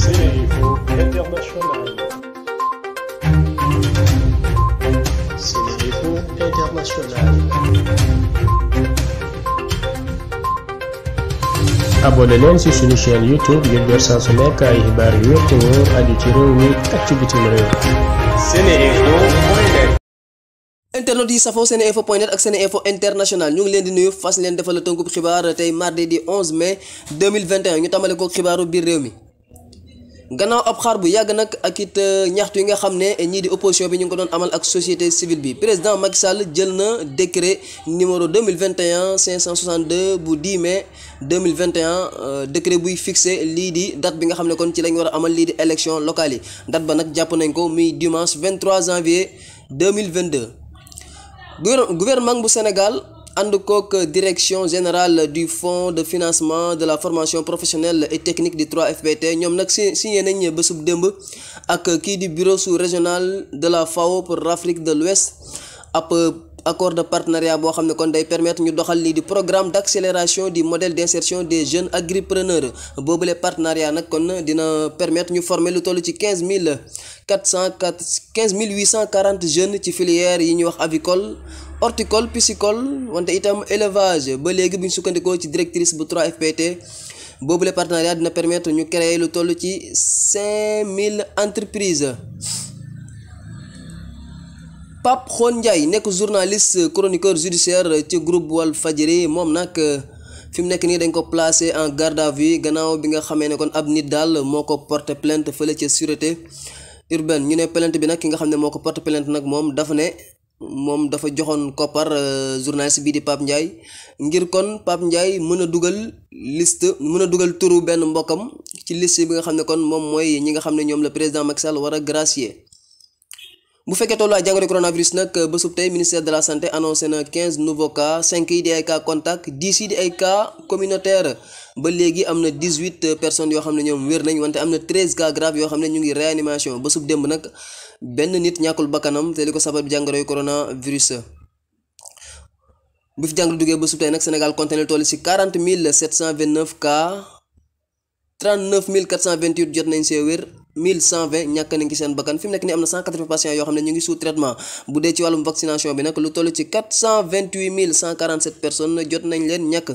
CFO International. CFO International. abonné leen ci suñu chaîne YouTube ngir jot saa su nekk ay xibaar yu wér te wóor mi ak ci bitim internet yi safoo seen info point net ak seen info international ñu ngi leen di nuyu fas leen defal la tënkub xibaar tey mardi di 11 ñu tamale ko xibaaru biir réew mi gannaaw ab xaar bu yàgg nag ak it euh, ñaxtu yi nga xam ne ñii di opposition bi ñu ngi ko doon amal ak société civile bi président Macky Sall jël na décret numéro 2021 562 bu 10 mai 2021 euh, décret buy fixé lii di date bi nga xam ne kon ci lañ war a amal lii di élection locale yi date ba nag jàpp nañ ko muy dimanche 23 janvier 2022 gouvernement bu Sénégal ànd kook direction générale du fonds de financement de la formation professionnelle et technique du 3FPT ñoom nag si signé nañ bésub démb ak kii di bureau sous-régional de la FAO pour l'Afrique de l'Ouest ab accord de partenariat boo xam ne kon day permettre ñu doxal lii di programme d'accélération du modèle d'insertion des jeunes agripreneurs boobule partenariat nag kon dina permettre ñu former lu toll ci quinze mille quatre cent quatre quinze mille huit cent quarante jeunes ci filière yi ñuy wax avicole horticole piscicole wante itam élevage ba léegi bu ñu sukkandikoo ci directrice bu 3FPT boobule partenariat dina permettre ñu créer lu toll ci cinq mille entreprises. Pape Xon Ndiaye nekk journaliste chroniqueur judiciaire ci groupe Walfadjri moom nag fi mu nekk nii dañ ko placé en garde à gannaaw bi nga xamee ne kon ab nit daal moo ko porté plainte fële ca sûreté urbaine ñu ne plainte bi nag ki nga xam ne moo ko porté plainte nag moom dafa ne moom dafa joxoon koppar euh, journaliste bii di Pape Ndiaye ngir kon Pape Ndiaye mën a dugal liste mën a dugal turu benn mbokkam ci liste bi nga xam ne kon moom mooy ñi nga xam ne la président Macky Sall war a gracier bu fekkee tolloo jàngoro coronavirus nag euh, bésub tey ministère de la santé annoncé na 15 nouveaux cas 5 yi di ay cas contact yi di ay cas communautaire ba léegi am na 18 euh, personnes yoo xam ne ñoom wér nañ wante am na 13 cas grave yoo xam ne ñu ngi réanimation bésub démb nag benn nit ñàkkul bakkanam te li ko bi sabab jàngoroy coronavirus. bu fi jàng duggee bésub tey nag Sénégal compté na toll ci 40 729 cas 39 428 jot nañ see wér. 1120 ñàkk nañ ci seen bakkan fi mu nekk ni am na 180 patients yoo xam ne ñu ngi sous traitement bu dee ci wàllum vaccination bi nag lu toll ci 428 147 personnes jot nañ leen ñàkk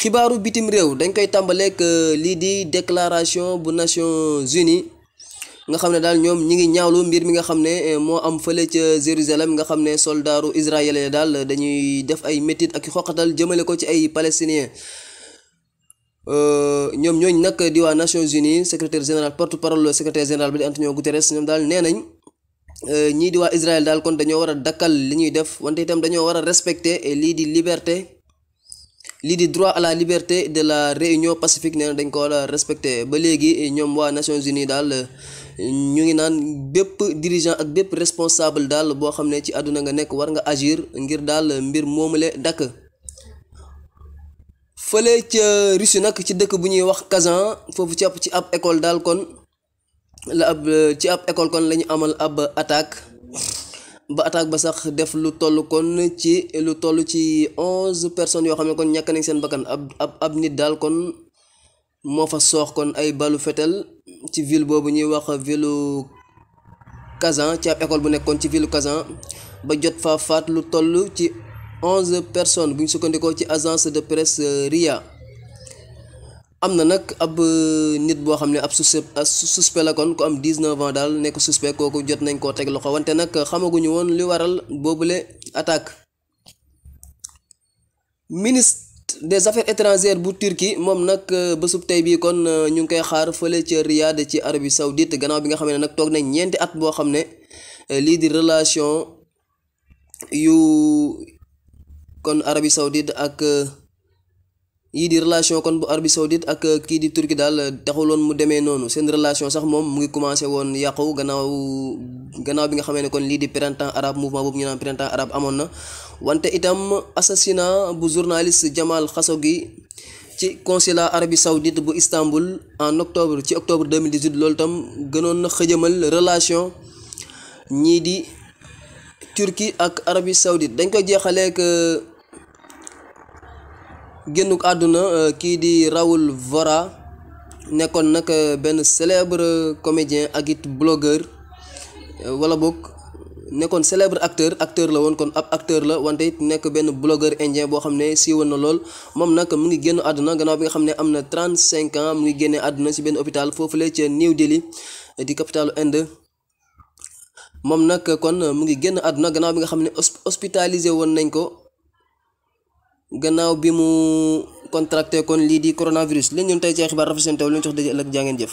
xibaaru bitim réew dañ koy tàmbaleeg euh, lii di déclaration bu Nations Unies nga xam ne daal ñoom ñi ngi ñaawlu mbir mi nga xam ne euh, moo am fële ca Jérusalem nga xam ne soldaaru israélien daal dañuy def ay métit ak xoqatal jëmale ko ci ay palestiniens Euh, ñoom ñooñ nag di waa Nations Unies secrétaire général porte-parole secrétaire général bi di Antonio Guterres ñoom daal nee nañ euh, ñii di waa Israël daal kon dañoo war a dakkal li ñuy def wante itam dañoo war a respecter lii di liberté. lii di droit à la liberté de la réunion pacifique nee dañ ko war a respecté ba léegi ñoom waa Nations Unies daal ñu ngi naan bépp dirigeant ak bépp responsable daal boo xam ne ci àdduna nga nekk war nga agir ngir daal mbir moomule dakk fële ca Russie nag ci dëkk bu ñuy wax Kazan foofu ci ab ci ab école daal kon la ab ci ab école kon la amal ab attaque ba attaque ba sax def lu toll kon ci lu toll ci onze personnes yoo xam ne kon ñàkk nañ seen bakkan ab ab ab nit daal kon moo fa soox kon ay balu fetel ci ville boobu ñuy wax ville Kazan ci ab école bu nekkoon ci ville Kazan ba jot fa lu toll ci. onze personnes bu sukkandikoo ci agence de presse euh, RIA am na nag ab euh, nit boo xam ne ab suspect la kon ku am dix-neuf ans daal nekk suspect kooku jot nañ koo teg loxo wante nag xamaguñu woon li waral boobule attaque ministre des affaires étrangères bu Turquie moom nag euh, bésub tey bii kon ñu ngi koy xaar fële ca Riyad ci Arabie Saoudite gannaaw bi nga xam ne nag toog nañ ñeenti at boo xam ne lii di relation yu kon Arabie Saoudite ak euh, yii di relation kon bu Arabie Saoudite ak euh, kii di Turquie daal taxuloon mu demee noonu seen relation sax moom mu ngi commencé woon yàqu gannaaw gannaaw bi nga xamee ne kon lii di printemps arabe mouvement boobu ñu naan printemps arabe amoon na wante itam assassinat bu journaliste Jamal gi ci consulat Arabie Saoudite bu Istanbul en octobre ci octobre 2018 loolu tam gënoon na xëjëmal relation ñii di Turquie ak Arabie Saoudite dañ ko jeexalee euh, génnuk àdduna euh, kii di Raoul Vora nekkoon nag euh, benn célèbre comédien ak it blogueur euh, wala boog nekkoon célèbre acteur acteur la woon kon ab acteur la wante it nekk benn blogueur indien boo xam ne siiwoon na lool moom nag mu ngi génn àdduna gannaaw bi nga xam ne am na 35 ans mu ngi génnee àdduna ci benn hôpital foofule ca New Delhi di capitalu Inde moom nag kon mu ngi génn àdduna gannaaw bi nga xam ne hospitalisé woon nañ ko. gannaaw bi mu contracté kon lii di coronavirus leen ñun tey ci ay xibaar rafet seen taw leen jox daje ëllëg jaa jëf.